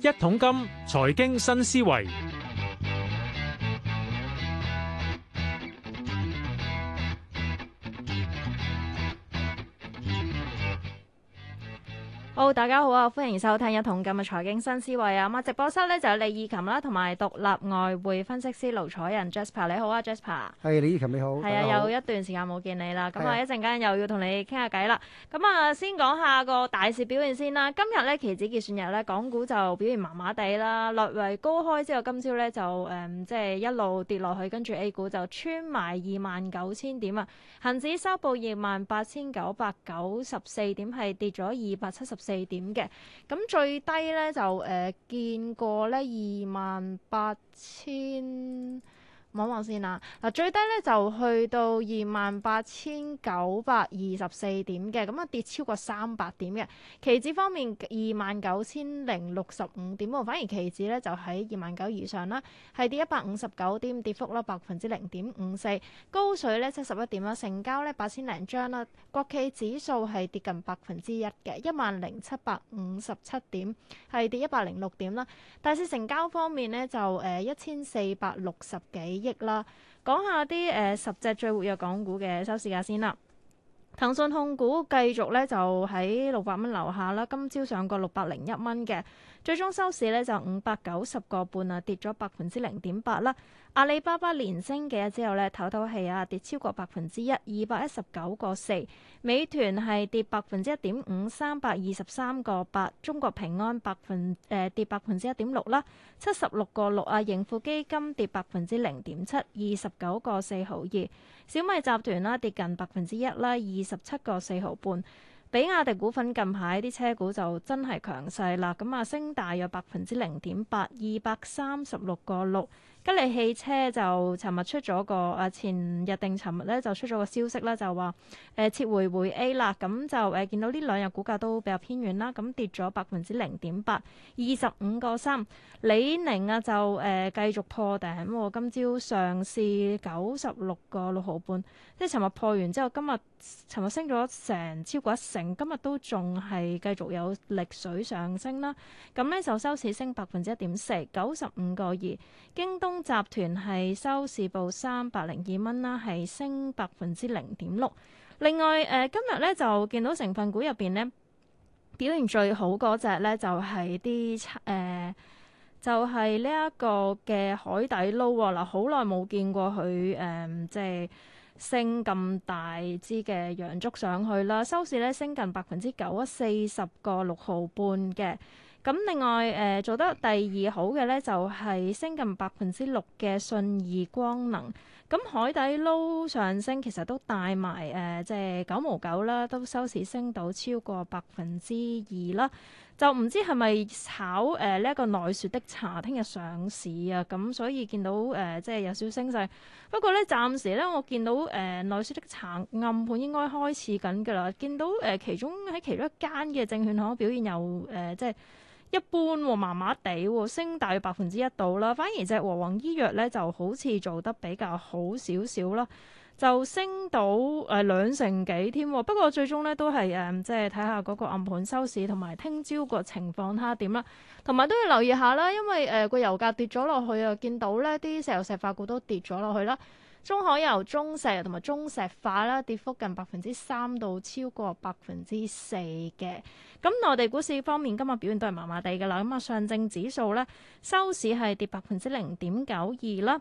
一桶金，財經新思維。大家好啊！歡迎收聽《一同今日財經新思維》啊！咁啊，直播室咧，就有李義琴啦，啊，同埋獨立外匯分析師盧楚仁 Jasper，你好啊，Jasper。係 Jas 李義琴，你好。係啊，好有一段時間冇見你啦，咁啊，一陣間又要同你傾的下偈啦。咁啊，先講下個大市表現先啦。今日咧期指結算日咧，港股就表現麻麻地啦，略為高開之後，今朝咧就誒，即，嗯，係，就是、一路跌落去，跟住 A 股就穿埋二萬九千點啊，恒指收報二萬八千九百九十四點，係跌咗二百七十四。地點嘅？咁最低咧就誒、呃、見過咧二萬八千。望望先啦，嗱最低咧就去到二萬八千九百二十四點嘅，咁啊跌超過三百點嘅。期指方面二萬九千零六十五點喎，反而期指咧就喺二萬九以上啦，係跌一百五十九點，跌幅啦百分之零點五四。高水咧七十一點啦，成交咧八千零張啦。國企指數係跌近百分之一嘅，一萬零七百五十七點係跌一百零六點啦。大市成交方面咧就誒一千四百六十幾。呃 1, 億啦，講下啲誒、呃、十隻最活躍港股嘅收市價先啦。騰訊控股繼續咧就喺六百蚊樓下啦，今朝上過六百零一蚊嘅。最終收市呢，就五百九十個半啊，跌咗百分之零點八啦。阿里巴巴連升幾日之後呢，唞唞氣啊，跌超過百分之一，二百一十九個四。美團係跌百分之一點五，三百二十三個八。中國平安百分誒、呃、跌百分之一點六啦，七十六個六啊。盈富基金跌百分之零點七，二十九個四毫二。小米集團啦、啊、跌近百分之一啦，二十七個四毫半。比亞迪股份近排啲車股就真係強勢啦，咁啊升大約百分之零點八，二百三十六個六。吉利汽車就尋日出咗個啊，前日定尋日咧，就出咗個消息啦，就話誒、呃、撤回回 A 啦，咁就誒、呃、見到呢兩日股價都比較偏遠啦，咁、嗯、跌咗百分之零點八，二十五個三。李寧啊就誒、呃、繼續破頂，今朝上市九十六個六毫半，即係尋日破完之後，今日尋日升咗成超過一成。今日都仲係繼續有力水上升啦，咁呢就收市升百分之一點四，九十五個二。京東集團係收市報三百零二蚊啦，係升百分之零點六。另外，誒、呃、今日呢就見到成分股入邊呢表現最好嗰隻呢，就係啲誒，就係呢一個嘅海底撈喎，嗱，好耐冇見過佢誒，即、呃、係，就係升咁大支嘅陽燭上去啦，收市咧升近百分之九啊，四十個六毫半嘅。咁另外誒、呃、做得第二好嘅咧，就係、是、升近百分之六嘅信義光能。咁海底撈上升，其實都帶埋誒，即係九毛九啦，都收市升到超過百分之二啦。就唔知係咪炒誒呢一個內雪的茶聽日上市啊？咁、嗯、所以見到誒，即、呃、係、就是、有少少升勢。不過咧，暫時咧，我見到誒、呃、內雪的茶暗盤應該開始緊㗎啦。見到誒、呃、其中喺其中一間嘅證券行表現又誒，即、呃、係。就是一般麻麻地，升大約百分之一度啦。反而隻和黃醫藥咧，就好似做得比較好少少啦，就升到誒呃、兩成幾添。不過最終咧都係誒，即係睇下嗰個暗盤收市，同埋聽朝個情況睇下點啦。同埋都要留意下啦，因為誒個、呃、油價跌咗落去啊，見到咧啲石油石化股都跌咗落去啦。中海油、中石油同埋中石化啦，跌幅近百分之三到超過百分之四嘅。咁內地股市方面，今日表現都係麻麻地嘅啦。咁啊，上證指數咧收市係跌百分之零點九二啦。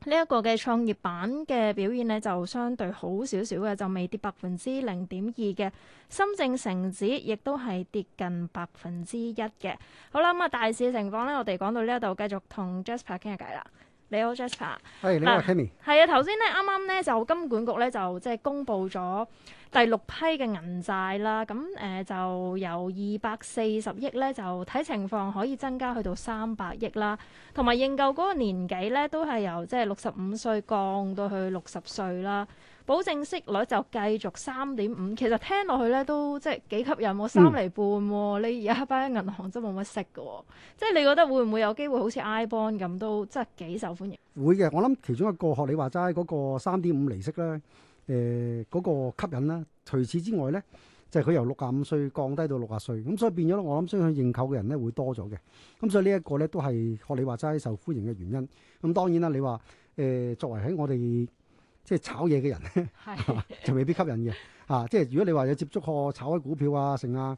這個、呢一個嘅創業板嘅表現咧就相對好少少嘅，就未跌百分之零點二嘅。深證成指亦都係跌近百分之一嘅。好啦，咁、嗯、啊，大市情況咧，我哋講到呢一度，繼續同 Jasper 傾下偈啦。你好，Jessica。係，hey, 啊、你好，Henny。係啊，頭先咧，啱啱咧就金管局咧就即係公佈咗第六批嘅銀債啦。咁誒就由二百四十億咧，就睇情況可以增加去到三百億啦。同埋認購嗰個年紀咧，都係由即係六十五歲降到去六十歲啦。保證息率就繼續三點五，其實聽落去咧都即係幾吸引喎，三厘半喎，嗯、你而家擺喺銀行真冇乜息嘅，即係你覺得會唔會有機會好似 I Bond 咁都即係幾受歡迎？會嘅，我諗其中一個學你話齋嗰個三點五釐息咧，誒、呃、嗰、嗰個吸引啦。除此之外咧，即係佢由六十五歲降低到六十歲，咁所以變咗，我諗相信認購嘅人咧會多咗嘅。咁所以呢一個咧都係學你話齋受歡迎嘅原因。咁當然啦，你話誒、呃、作為喺我哋。即係炒嘢嘅人，就未必吸引嘅。嚇！即係如果你話有接觸過炒啲股票啊、成啊、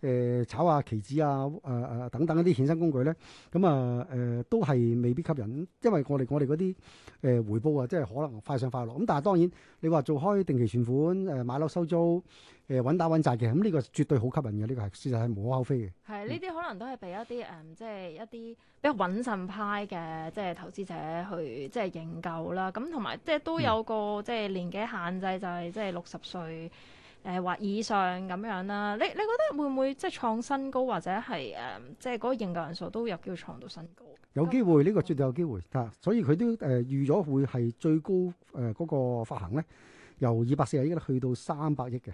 誒炒啊期指啊、誒誒等等一啲衍生工具咧，咁啊誒都係未必吸引，因為我哋我哋嗰啲誒回報啊，即係可能快上快落。咁但係當然你話做開定期存款、誒買樓收租、誒穩打穩紮嘅，咁呢個絕對好吸引嘅，呢個係事實係無可厚非嘅。係呢啲可能都係畀一啲誒即係一啲比較穩陣派嘅即係投資者去即係認購啦。咁同埋即係都有個即係年紀限制，就係即係六十歲。誒、呃，或以上咁樣啦，你你覺得會唔會即係創新高，或者係誒、嗯，即係嗰個認購人數都有機會創到新高？有機會，呢、這個絕對有機會吓、嗯，所以佢都誒預咗會係最高誒嗰、呃那個發行咧。由二百四十億去到三百億嘅，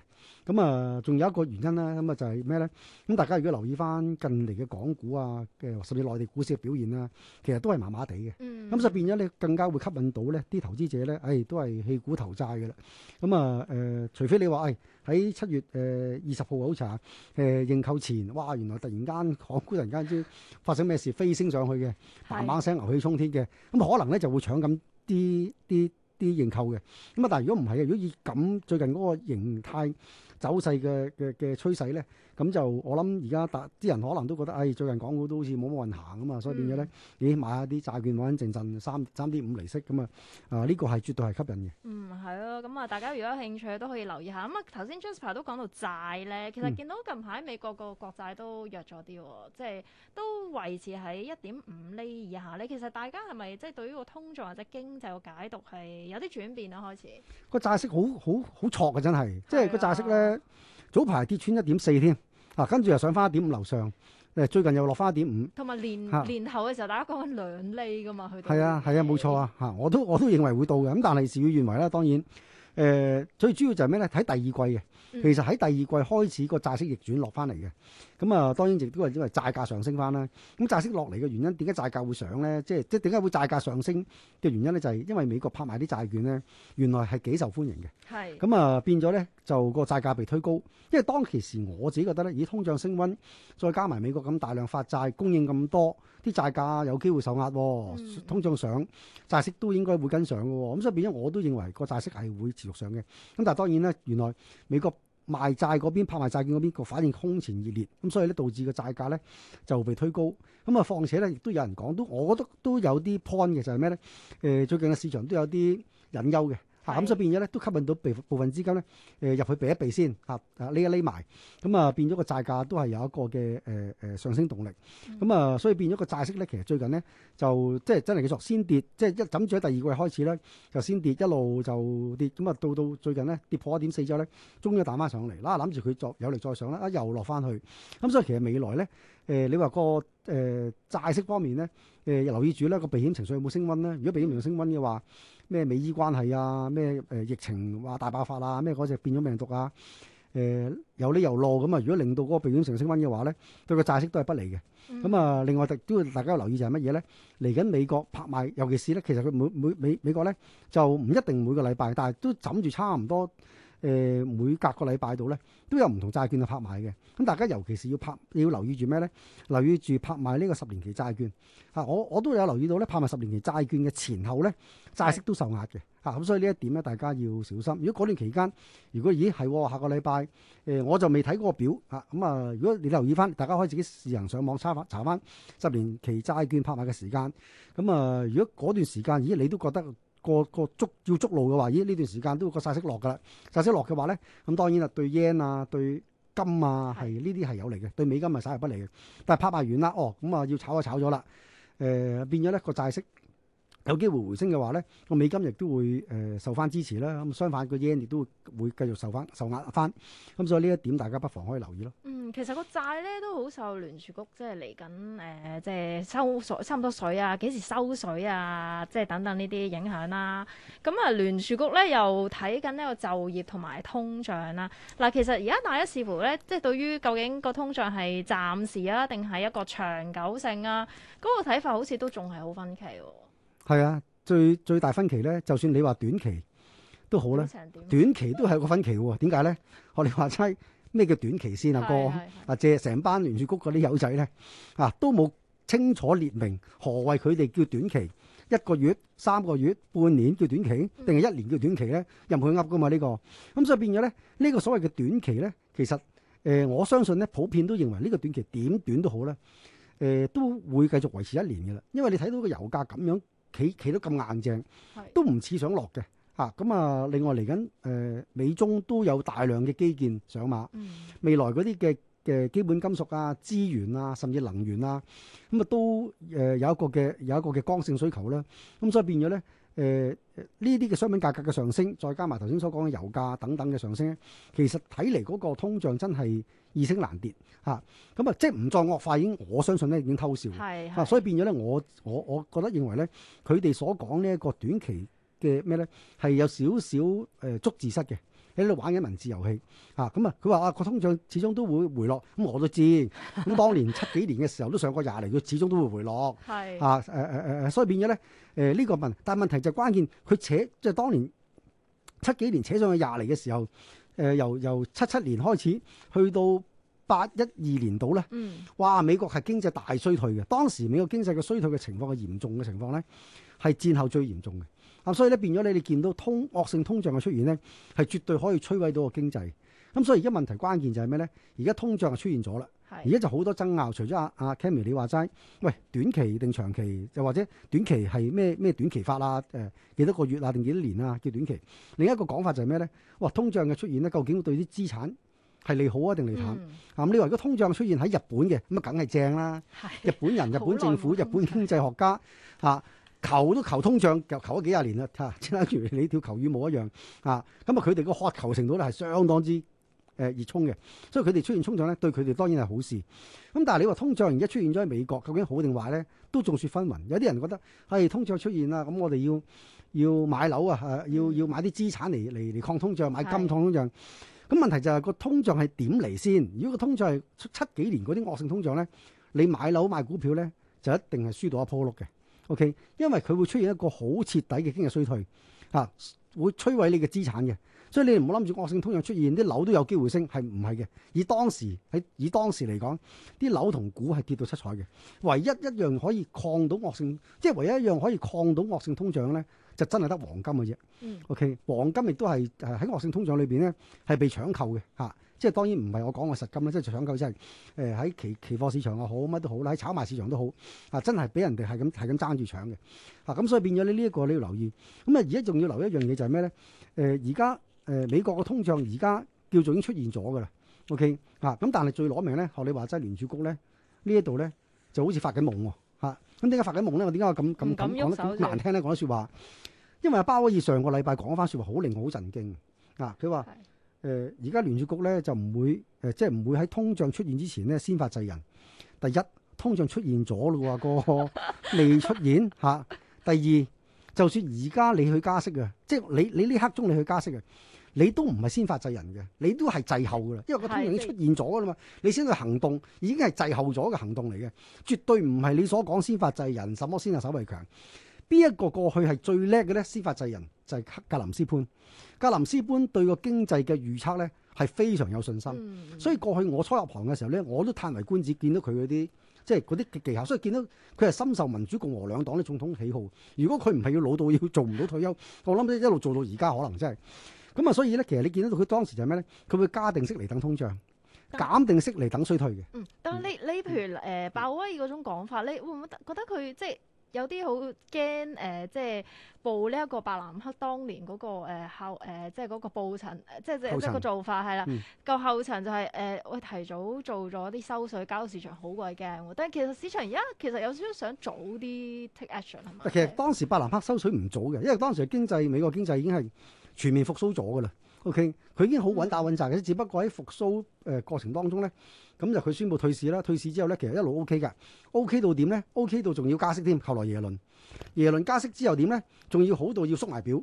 咁啊，仲有一個原因啦。咁啊就係咩咧？咁大家如果留意翻近嚟嘅港股啊嘅、呃、甚至內地股市嘅表現啦、啊，其實都係麻麻地嘅。咁就、嗯、變咗你更加會吸引到咧啲投資者咧，誒、哎、都係棄股投債嘅啦。咁啊誒，除非你話誒喺七月誒二十號好似吓誒認購前，哇原來突然間港股突然間先發生咩事飛升上去嘅，慢慢聲牛氣沖天嘅，咁的可能咧就會搶緊啲啲。啲認購嘅，咁啊，但係如果唔係嘅，如果以咁最近嗰個形態。走勢嘅嘅嘅趨勢咧，咁就我諗而家大啲人可能都覺得，唉，最近港股都好似冇乜運行啊嘛，所以變咗咧，你買下啲債券穩陣陣三三點五厘息咁啊，啊呢個係絕對係吸引嘅。嗯，係咯，咁啊，大家如果有興趣都可以留意下。咁啊，頭先 Jasper 都講到債咧，其實見到近排美國個國債都弱咗啲喎，即係都維持喺一點五厘以下咧。其實大家係咪即係對於個通脹或者經濟個解讀係有啲轉變啦？開始個債息好好好挫嘅真係，即係個債息咧。早排跌穿一點四添，嗱跟住又上翻一點五樓上，誒最近又落翻一點五。同埋年年後嘅時候，大家講緊兩厘噶嘛，佢係啊係啊，冇錯啊吓、啊啊，我都我都認為會到嘅，咁但係事與願違啦，當然，誒、呃、最主要就係咩咧？睇第二季嘅。嗯、其實喺第二季開始個債息逆轉落翻嚟嘅，咁啊，當然亦都係因為債價上升翻啦。咁債息落嚟嘅原因，點解債價會上咧？即係即係點解會債價上升嘅原因咧？就係、是、因為美國拍賣啲債券咧，原來係幾受歡迎嘅。係咁是啊，變咗咧就個債價被推高，因為當其時我自己覺得咧，以通脹升溫，再加埋美國咁大量發債，供應咁多，啲債價有機會受壓、哦。嗯、通脹上，債息都應該會跟上嘅、哦。咁所以變咗，我都認為個債息係會持續上嘅。咁但係當然咧，原來美國。賣債嗰邊拍賣債券嗰邊個反應空前熱烈，咁所以咧導致個債價咧就會被推高，咁啊，況且咧亦都有人講，都我覺得都有啲 point 嘅，就係咩咧？誒，最近嘅市場都有啲隱憂嘅。嚇咁、啊、所以變咗咧，都吸引到部部分資金咧，誒、呃、入去避一避先，嚇、啊，匿一匿埋，咁啊變咗個債價都係有一個嘅誒誒上升動力，咁啊所以變咗個債息咧，其實最近咧就即係真係叫做先跌，即係一枕住喺第二個月開始咧就先跌，一路就跌，咁啊到到最近咧跌破一點四之後咧，終於、啊、打翻上嚟，嗱諗住佢再有嚟再上啦，一、啊、又落翻去，咁、啊、所以其實未來咧，誒、呃、你話、那個誒、呃、債息方面咧，誒、呃、留意住啦，個避險情緒有冇升溫咧？如果避險唔再升溫嘅話，咩美伊關係啊，咩誒、呃、疫情話大爆發啊，咩嗰隻變咗病毒啊，誒、呃、有呢有落咁啊！如果令到嗰個避險成升溫嘅話咧，對個債息都係不利嘅。咁、嗯、啊，另外亦都要大家留意就係乜嘢咧？嚟緊美國拍賣，尤其是咧，其實佢每每美美國咧就唔一定每個禮拜，但係都枕住差唔多。誒每隔個禮拜度咧，都有唔同債券去拍賣嘅。咁大家尤其是要拍，要留意住咩咧？留意住拍賣呢個十年期債券。嚇，我我都有留意到咧，拍賣十年期債券嘅前後咧，債息都受壓嘅。嚇，咁所以呢一點咧，大家要小心。如果嗰段期間，如果咦係、哦、下個禮拜，誒我就未睇過個表嚇。咁啊，如果你留意翻，大家可以自己自行上網查翻查翻十年期債券拍賣嘅時間。咁啊，如果嗰段時間咦你都覺得？個個捉要捉路嘅話，依呢段時間都會個債息落噶啦，債息落嘅話咧，咁當然啦，對 yen 啊，對金啊，係呢啲係有利嘅，對美金係稍為不利嘅。但係拍啪完啦，哦，咁、嗯、啊要炒啊炒咗啦，誒、呃、變咗咧個債息，有機會回升嘅話咧，個美金亦都會誒、呃、受翻支持啦。咁相反，個 yen 亦都會繼續受翻受壓翻。咁、呃、所以呢一點，大家不妨可以留意咯。嗯，其實個債咧都好受聯儲局即係嚟緊誒，即係、呃、收水差唔多水啊，幾時收水啊，即係等等呢啲影響啦。咁啊，聯、嗯、儲局咧又睇緊呢個就業同埋通脹啦、啊。嗱、啊，其實而家大家似乎咧，即係對於究竟個通脹係暫時啊，定係一個長久性啊，嗰、那個睇法好似都仲係好分歧喎、啊。係啊，最最大分歧咧，就算你話短期都好啦，短期都係個分歧喎。點解咧？學 你話齋咩叫短期先啊？ 哥，哥， 啊借成班聯儲局嗰啲友仔咧，啊都冇清楚列明何謂佢哋叫短期， 一個月、三個月、半年叫短期，定係一年叫短期咧？ 又冇噏噶嘛呢、這個。咁所以變咗咧，呢、這個所謂嘅短期咧，其實誒、呃、我相信咧，普遍都認為呢個短期點短都好咧，誒、呃、都會繼續維持一年㗎啦。因為你睇到個油價咁樣，樣。企企得咁硬正，都唔似想落嘅嚇。咁啊，啊，另外嚟緊誒，美中都有大量嘅基建上馬，嗯、未來嗰啲嘅誒基本金屬啊、資源啊，甚至能源啊，咁、嗯、啊都誒、呃、有一個嘅有一個嘅剛性需求啦。咁、啊、所以變咗咧。誒呢啲嘅商品價格嘅上升，再加埋頭先所講嘅油價等等嘅上升咧，其實睇嚟嗰個通脹真係易升難跌嚇，咁啊、嗯、即係唔再惡化已經，我相信咧已經偷笑。係是是、啊、所以變咗咧，我我我覺得認為咧，佢哋所講呢一個短期嘅咩咧，係有少少誒捉字蝨嘅。喺度玩緊文字遊戲嚇，咁啊佢話啊個通脹始終都會回落，咁我都知。咁當年七幾年嘅時候都上過廿釐，佢始終都會回落嚇。誒誒誒，所以變咗咧誒呢個問、呃，但問題就係關鍵，佢扯即係、就是、當年七幾年扯上去廿釐嘅時候，誒、呃、由由七七年開始去到八一二年度咧，嗯、哇！美國係經濟大衰退嘅，當時美國經濟嘅衰退嘅情況係嚴重嘅情況咧，係戰後最嚴重嘅。咁所以咧，變咗你哋見到通惡性通脹嘅出現咧，係絕對可以摧毀到個經濟。咁、嗯、所以而家問題關鍵就係咩咧？而家通脹就出現咗啦，而家是就好多爭拗。除咗阿阿 Cammy，你話齋，喂，短期定長期，又或者短期係咩咩短期法啊？誒、呃，幾多個月啊？定幾多年啊？叫短期。另一個講法就係咩咧？哇，通脹嘅出現咧，究竟對啲資產係利好啊定利淡？啊、嗯嗯、你話如果通脹出現喺日本嘅，咁啊梗係正啦。是日本人、日本政府、日本經濟學家嚇。啊求都求通脹，又求咗幾廿年啦嚇！即係等於你跳求雨舞一樣啊！咁啊，佢哋個渴求程度咧係相當之誒熱衷嘅，所以佢哋出現通脹咧，對佢哋當然係好事。咁但係你話通脹而家出現咗喺美國，究竟好定壞咧？都眾說紛紜。有啲人覺得係、哎、通脹出現啦，咁我哋要要買樓啊，啊要要買啲資產嚟嚟嚟抗通脹，買金抗通脹。咁是的 問題就係、是、個通脹係點嚟先？如果個通脹係七幾年嗰啲惡性通脹咧，你買樓買股票咧，就一定係輸到一鋪碌嘅。OK，因為佢會出現一個好徹底嘅經濟衰退，嚇、啊、會摧毀你嘅資產嘅，所以你唔好諗住惡性通脹出現，啲樓都有機會升，係唔係嘅？以當時喺以當時嚟講，啲樓同股係跌到七彩嘅，唯一一樣可以抗到惡性，即係唯一一樣可以抗到惡性通脹咧。就真係得黃金嘅啫。嗯、OK，黃金亦都係喺惡性通脹裏邊咧，係被搶購嘅嚇、啊。即係當然唔係我講嘅實金啦，即係搶購、就是，即係誒喺期期貨市場又好，乜都好啦，喺炒賣市場都好啊，真係俾人哋係咁係咁爭住搶嘅。啊，咁所以變咗咧呢一個你要留意。咁啊，而家仲要留意一樣嘢就係咩咧？誒、呃，而家誒美國嘅通脹而家叫做已經出現咗㗎喇。OK，啊咁、啊，但係最攞命咧，學你話齋聯儲局咧，呢一度咧就好似發緊夢喎。咁點解發緊夢咧？我點解我咁咁講得難聽咧？講啲説話，因為阿鮑威爾上個禮拜講咗翻説話，好令我好震經驚啊！佢話誒，而家是、呃、聯儲局咧就唔會誒，即係唔會喺通脹出現之前咧先發制人。第一，通脹出現咗啦喎，個未出現嚇、 啊。第二，就算而家你去加息嘅，即係你你呢刻鐘你去加息嘅。你都唔係先發制人嘅，你都係滯後噶啦，因為個通脹已經出現咗噶啦嘛，的你先去行動已經係滯後咗嘅行動嚟嘅，絕對唔係你所講先發制人，什麼先啊，守衛強？邊一個過去係最叻嘅咧？先發制人就係、是、格林斯潘，格林斯潘對個經濟嘅預測咧係非常有信心，嗯、所以過去我初入行嘅時候咧，我都歎為觀止，見到佢嗰啲即係嗰啲技巧，所以見到佢係深受民主共和兩黨嘅總統喜好。如果佢唔係要老到要做唔到退休，我諗一路做到而家可能真、就、係、是。咁啊，所以咧，其實你見到佢當時就係咩咧？佢會加定息嚟等通脹，減定息嚟等衰退嘅。嗯，嗯，但係你你、嗯、譬如誒、呃，鮑威爾嗰種講法、嗯、你會唔會覺得佢即係有啲好驚誒？即係、呃、報呢一個伯南克當年嗰、那個誒後即係嗰個布陳，即係、那個、即係一層、那個做法係啦。個、嗯、後塵就係、是、誒，會、呃、提早做咗啲收水，搞到市場好鬼驚。但係其實市場而家其實有少少想早啲 take action。其實當時伯南克收水唔早嘅，因為當時經濟時美國經濟已經係。全面復甦咗噶啦，OK，佢已經好穩打穩紮嘅，只不過喺復甦誒、呃、過程當中咧，咁就佢宣布退市啦。退市之後咧，其實一路 OK 嘅，OK 到點咧？OK 到仲要加息添，後來耶倫，耶倫加息之後點咧？仲要好到要縮埋表，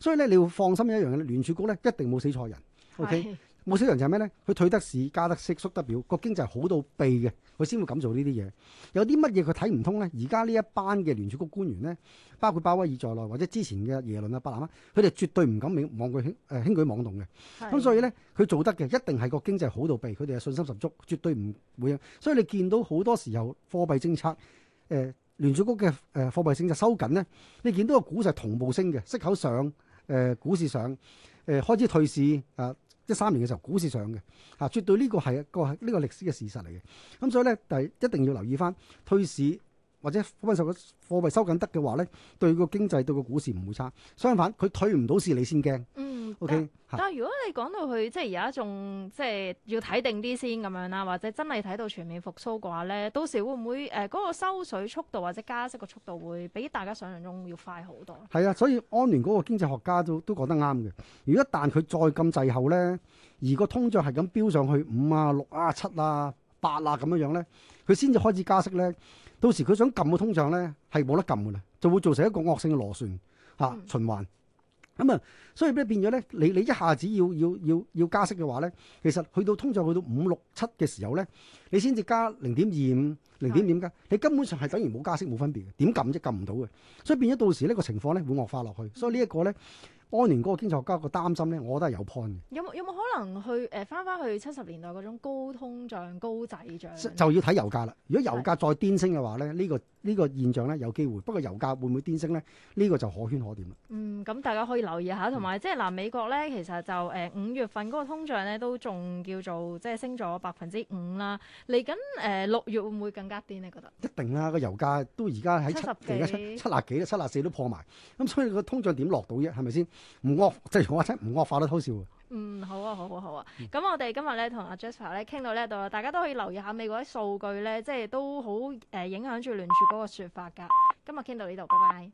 所以咧，你要放心一樣嘢，聯儲局咧一定冇死錯人，OK。冇少人就係咩咧？佢退得市、加得息、縮得表，個經濟好到痹嘅，佢先會敢做呢啲嘢。有啲乜嘢佢睇唔通咧？而家呢一班嘅聯儲局官員咧，包括鮑威爾在內，或者之前嘅耶倫啊、伯南克，佢哋絕對唔敢妄，妄佢輕誒輕舉妄動嘅。咁是所以咧，佢做得嘅一定係個經濟好到痹，佢哋係信心十足，絕對唔會。所以你見到好多時候貨幣政策誒、呃、聯儲局嘅誒貨幣政策收緊咧，你見到個股市係同步升嘅，息口上誒、呃、股市上誒、呃、開始退市啊！呃呃一三年嘅時候，股市上嘅嚇、啊，絕對呢個係、呢個係呢、呢個歷史嘅事實嚟嘅。咁、啊、所以咧，但係一定要留意翻退市或者貨幣收貨幣收緊得嘅話咧，對個經濟對個股市唔會差。相反，佢退唔到市，你先驚。嗯 OK，但係如果你講到佢，即係而家仲即係要睇定啲先咁樣啦，或者真係睇到全面復甦嘅話咧，到時會唔會誒嗰個收水速度或者加息嘅速度會比大家想象中要快好多？係啊，所以安聯嗰個經濟學家都都講得啱嘅。如果一旦佢再咁滯後咧，而個通脹係咁飆上去五啊六啊七啊八啊咁樣樣咧，佢先至開始加息咧，到時佢想撳個通脹咧係冇得撳嘅啦，就會造成一個惡性嘅螺旋嚇循環。啊嗯咁啊、嗯，所以咧變咗咧，你你一下子要要要要加息嘅話咧，其實去到通脹去到五六七嘅時候咧，你先至加零點二五零點點噶，的你根本上係等於冇加息冇分別嘅，點撳即撳唔到嘅，所以變咗到時呢個情況咧會惡化落去，的所以呢一個咧。安聯嗰個經濟學家個擔心咧，我覺得係有 point 嘅。有冇有冇可能去誒翻返去七十年代嗰種高通脹、高仔漲？就要睇油價啦。如果油價再癲升嘅話咧，呢是的、呢個呢、呢個現象咧有機會。不過油價會唔會癲升咧？呢、呢個就可圈可點啦。嗯，咁大家可以留意下，同埋即係嗱，美國咧其實就誒五、呃、月份嗰個通脹咧都仲叫做即係升咗百分之五啦。嚟緊誒六月會唔會更加癲？你覺得一定啦、啊，個油價都而家喺七而家七十幾七廿幾七廿四都破埋。咁、嗯、所以個通脹點落到啫？係咪先？唔惡，即係我真唔惡化都偷笑。嗯，好啊，好好、啊、好啊。咁、嗯、我哋今日咧同阿 Jasper 咧傾到咧度啦，大家都可以留意下美國啲數據咧，即係都好誒、呃、影響住聯儲嗰個說法噶。今日傾到呢度，拜拜。